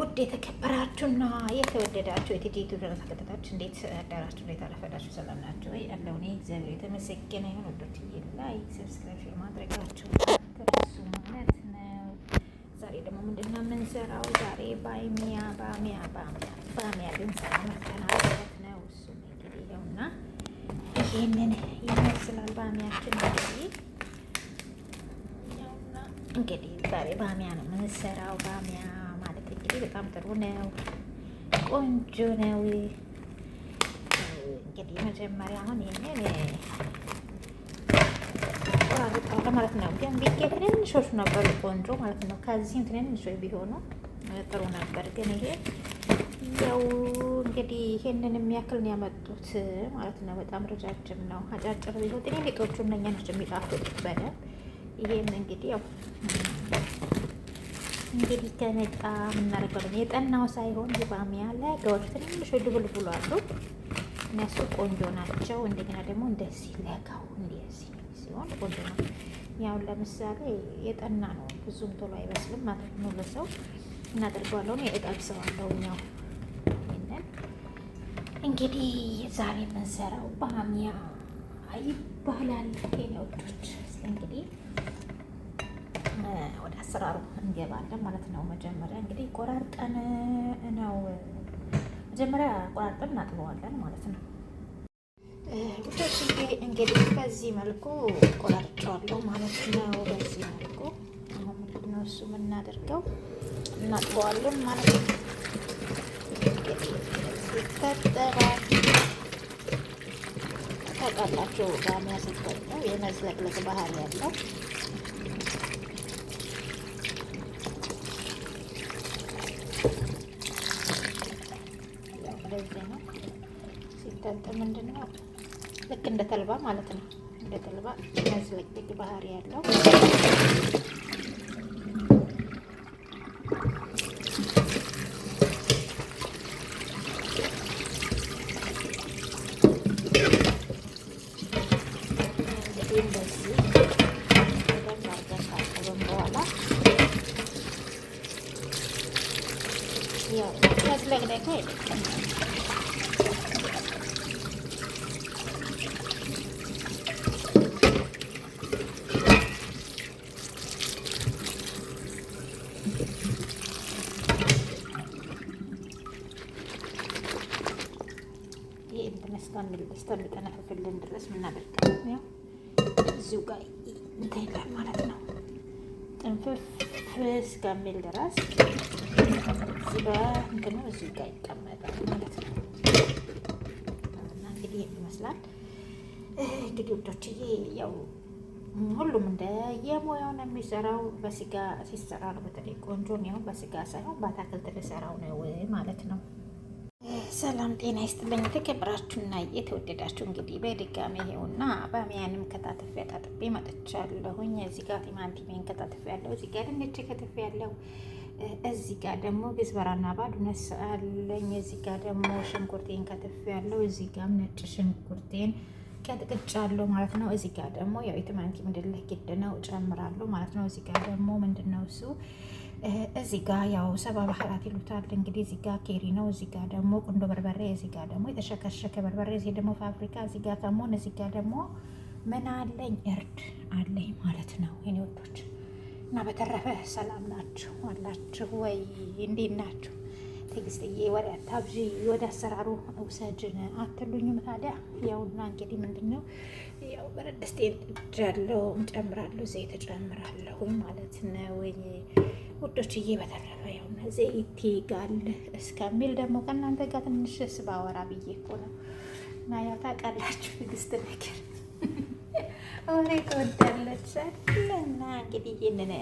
ውድ የተከበራችሁና የተወደዳችሁ የቴቴ ድረስ ተከታታዮች እንዴት አዳራችሁ? እንዴት አረፈዳችሁ? ሰላም ናችሁ ወይ? ያለው እኔ እግዚአብሔር የተመሰገነ ይሁን። ወዶች ወዶችዬ ላይክ፣ ሰብስክራይብ ማድረጋችሁ ከሱ ማለት ነው። ዛሬ ደግሞ ምንድን ነው የምንሰራው? ዛሬ ባሚያ ባሚያ ባሚያ ባሚያ ልንሰራ መጥተናል ማለት ነው። እሱ እንግዲህ ይኸውና ይሄንን ይመስላል ባሚያችን እንግዲህ እንግዲህ ዛሬ ባሚያ ነው የምንሰራው ባሚያ እንግዲህ በጣም ጥሩ ነው፣ ቆንጆ ነው። እንግዲህ መጀመሪያ አሁን ይህንን ቆራርጠዋለሁ ማለት ነው። ገንቢጌ ትንንሾቹ ነበሩ ቆንጆ ማለት ነው። ከዚህም ትንንሾች ቢሆኑ ጥሩ ነበር፣ ግን ይሄ ያው እንግዲህ ይሄንን የሚያክል ነው ያመጡት ማለት ነው። በጣም ረጃጅም ነው። አጫጭር ቢሆን ጥኔ ሊጦቹ እነኛ ነች የሚጣፍጡት በደንብ ይሄን እንግዲህ ያው እንግዲህ ከነጣ የምናደርገው የጠናው ሳይሆን የባሚያ ላይ ገወር ትንንሽ ብሎ አሉ። እነሱ ቆንጆ ናቸው። እንደገና ደግሞ እንደዚህ ለጋው እንደዚህ ሲሆን ቆንጆ ነው። ያሁን ለምሳሌ የጠና ነው ብዙም ቶሎ አይበስልም ማለት ነው። ለሰው እናደርገዋለሁን የእጠብሰዋለሁ ነው። ይህንን እንግዲህ ዛሬ የምንሰራው ባሚያ ይባላል። ሄነውዶች እንግዲህ አሰራሩ እንገባለን ማለት ነው። መጀመሪያ እንግዲህ ቆራርጠን ነው መጀመሪያ ቆራርጠን እናጥበዋለን ማለት ነው። ግዶች እንግዲህ በዚህ መልኩ ቆራርጫዋለሁ ማለት ነው። በዚህ መልኩ አሁን ምንድን ነው እሱ የምናደርገው እናጥበዋለን ማለት ነው። ይታጠባል ታውቃላችሁ፣ ጋሚያ ሲቆጠው የመዝለቅለቅ ባህሪ ያለው ሲያገለጥ ምንድን ነው ልክ እንደ ተልባ ማለት ነው። እንደ ተልባ መዝለቅለቅ ባህሪ ያለው እስከሚጠነፍፍልን ድረስ ያው እዚሁ ጋር ማለት ነው። ጥንፍፍ እስከሚል ድረስ እዚህ በእንትኑ እዚሁ ጋር ይቀመጣል ማለት ነው። እና እንግዲህ ይመስላል እንግዲህ ውዶችዬ ያው ሁሉም ነው የሚሰራው። በስጋ ሲሰራ ነው በተለይ ቆንጆ የሚሆን በስጋ ሳይሆን በአታክልት ልሰራው ነው ማለት ነው። ሰላም ጤና ይስጥልኝ። የተከበራችሁና የተወደዳችሁ እንግዲህ በድጋሚ ይሄውና ባሚያንም ከታተፍ ታጥቤ መጥቻለሁኝ። እዚህ ጋር ቲማቲሜን ከታተፍ ያለው፣ እዚህ ጋር ድንች ከታተፍ ያለው፣ እዚህ ጋር ደግሞ ግዝበራና ባዱ ነሳለኝ። እዚህ ጋር ደግሞ ሽንኩርቴን ከታተፍ ያለው፣ እዚህ ጋር ነጭ ሽንኩርቴን ቀጥቅጫለሁ ማለት ነው። እዚህ ጋር ደግሞ ያው የቲማቲም ድልህ ግድ ነው ጨምራለሁ ማለት ነው። እዚህ ጋር ደግሞ ምንድነው እሱ እዚህ ጋ ያው ሰባ ባህላት ይሉታል እንግዲህ። እዚህ ጋ ኬሪ ነው፣ እዚህ ጋ ደግሞ ቁንዶ በርበሬ፣ እዚህ ጋ ደግሞ የተሸከሸከ በርበሬ፣ እዚህ ደግሞ ፋብሪካ፣ እዚህ ጋ ከሞን፣ እዚህ ጋ ደግሞ ምን አለኝ እርድ አለኝ ማለት ነው የኔ ወዶች። እና በተረፈ ሰላም ናችሁ አላችሁ ወይ? እንዴት ናችሁ? ትግስትዬ ወደ አታብዢ ወደ አሰራሩ እውሰድን አትሉኝም ታዲያ? ያውና እንግዲህ ምንድን ነው ያው ብረት ድስቴን እጃለሁ፣ ዘይት እጨምራለሁ ማለት ነው ወይ ውዶችዬ በተረፈ ያው እነዚህ ይትጋል እስከሚል ደግሞ ከእናንተ ጋር ትንሽ ስባወራ ብዬ እኮ ነው። እና ያው ታውቃላችሁ ትዕግስት ነገር ወሬ ትወዳለች እና እንግዲህ ይህንን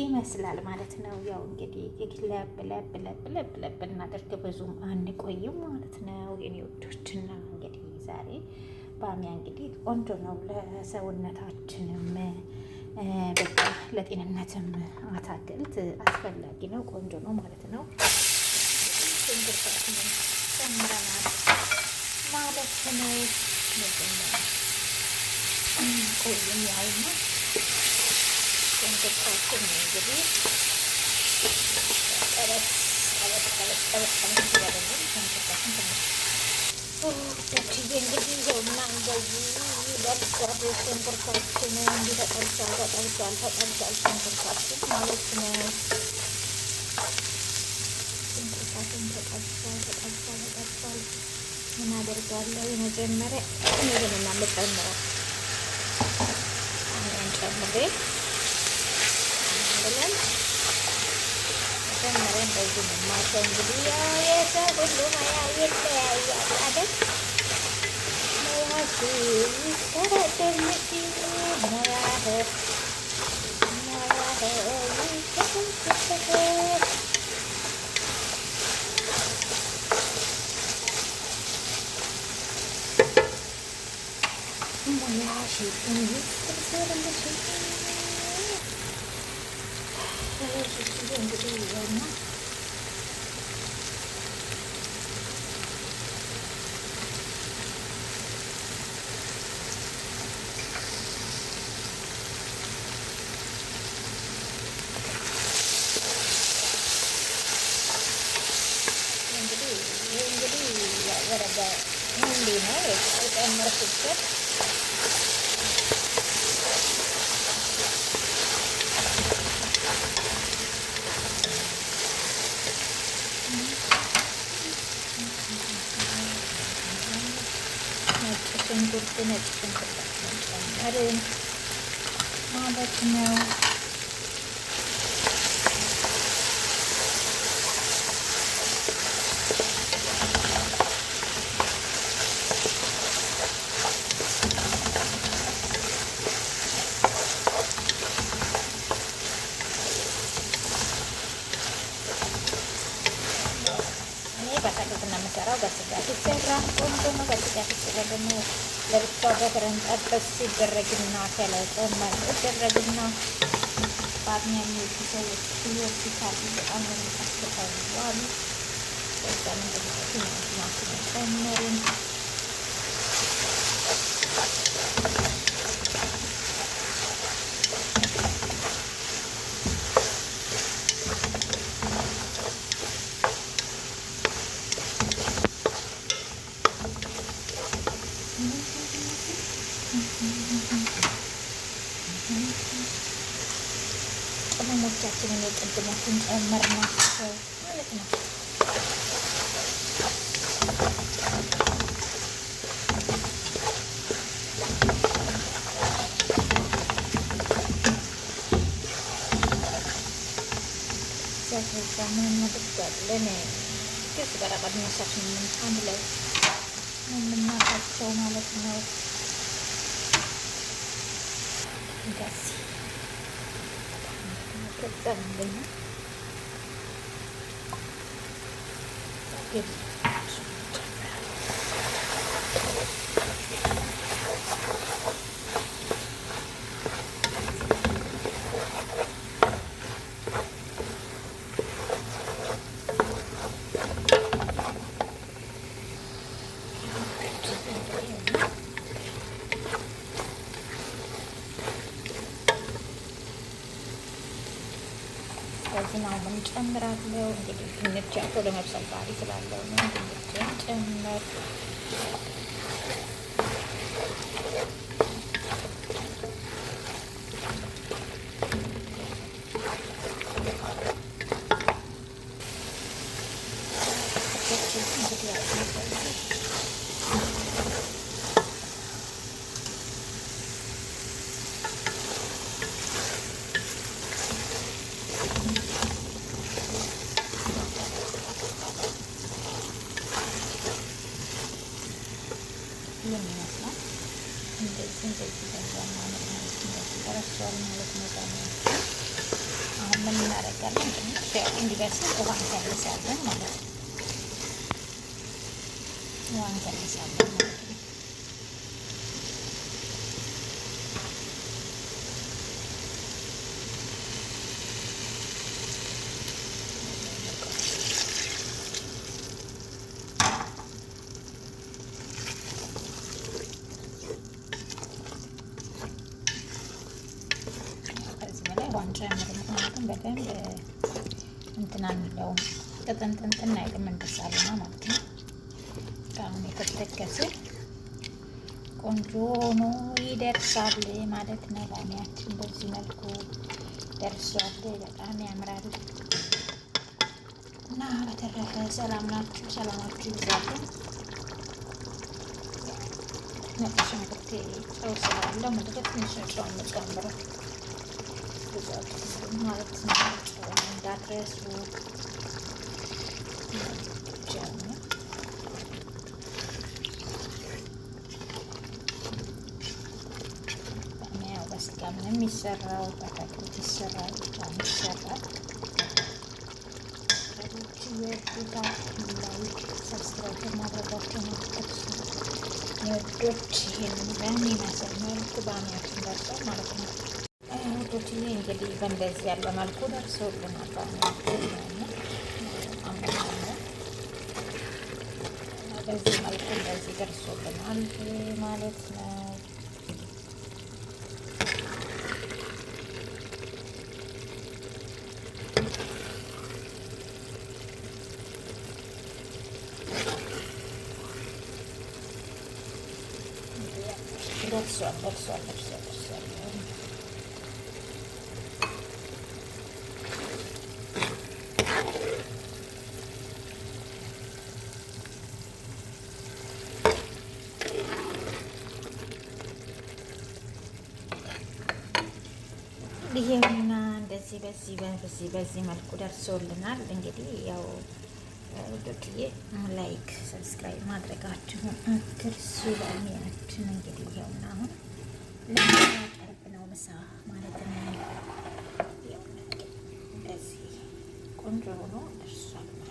ይመስላል ማለት ነው። ያው እንግዲህ ለብ ለብ ለብ ለብ ለብ እናደርግ ብዙም አንቆይም ማለት ነው የኔ ውዶችና እንግዲህ ዛሬ ባሚያ እንግዲህ ቆንጆ ነው ለሰውነታችንም በቃ ለጤንነትም አታክልት አስፈላጊ ነው። ቆንጆ ነው ማለት ነው። ጨምረናል ማለት ነው። ቆይም ያውና ሽንኩርታችን እንግዲህ ቀረስ ቀረስ ቀረስ ቀረስ ያደለን ሽንኩርታችን ትንሽ እንግዲህ ይኸውና እንደዚህ በርሷል። ሽንኩርታችን እንዲህ ተጠርሷል፣ ተጠርሷል፣ ተጠርሷል ሽንኩርታችን ማለት ነው። ሽንኩርታችን ተጠርሷል፣ ተጠርሷል፣ ተጠርሷል። ምን አደርጋለሁ? የመጀመሪያ ምግብና ምጨምረው አሁን kan meren bagi mama sendiri ya ya saya belum ayat ya ya yang jadi warna jadi yang jadi ya gara ጭንቁርት ነጭ ሽንኩርት አስቀምጣለሁ። የምሰራው በስጋ ሲሰራ ቆንጆ ነው። በስጋ ሲሰራ ደግሞ ለብቻው ጠበስ ሲደረግና ከላይ ማለት ሲደረግና በአቅሚ ሰዎች ይወዱታል። በጣም ነው የሚጣፍጠው አሉ። በዛ ምንድነው ቲማቲም ድንቻችንን የቅድመትን ጨመርናቸው ማለት ነው። ምን እናደርጋለን? አንድ ላይ የምናቃቸው ማለት ነው እንደዚህ dần dần đến kiểm ጨምራለሁ። እንግዲህ ድንች ያው ለመብሰል ባህሪ ስላለው ነው ድንችን ጨምር እንደዚህ ይደርሳል ማለት ነው። እንደዚህ ደርሷል ማለት ነው። አሁን ምን እናደርጋለን? እንዲደርስል ውሃ እንከልሳለን ማለት ነው። ውሃ እንከልሳለን ማለት ነው። አድርገን እንትና አንለውም ቅጥንጥንጥና አይልም እንደሳለና ማለት ነው። አሁን የተጠቀሰ ቆንጆ ሆኖ ይደርሳል ማለት ነው። ባሚያችን በዚህ መልኩ ደርሷል። በጣም ያምራል እና በተረፈ ሰላም ናችሁ፣ ሰላማችሁ ይዛለን። ነጭ ሽንኩርት ጨው ስላለው ምድረት ትንሽ ጨው እንጨምረው ማለት ነው። እንዳትረሱ በስጋ ምንም ይሰራው በአትክልት ይሰራል ብቻም ይሰራል። ሰዎች የወዱታል። ላይክ ሰብስክራይብ ማድረጋቸው ማጥቀሱ የወዶች ይህን በሚመስል መልኩ በአሚያችን ደርሷል ማለት ነው። እንግዲህ በእንደዚህ ያለ መልኩ ደርሶልናል። በዚህ መልኩ እንደዚህ ደርሶልናል ማለት ነው። ደርሷል ደርሷል ደርሷል። ይሄውና እንደዚህ በዚህ በዚህ በዚህ መልኩ ደርሶልናል። እንግዲህ ያው ዶክዬ ላይክ ሰብስክራይብ ማድረጋችሁን አትርሱ። ለሚያችን እንግዲህ ይሄውና አሁን ለሚያቀርብ ነው ምሳ ማለት ነው። እንደዚህ ቆንጆ ሆኖ ደርሷል።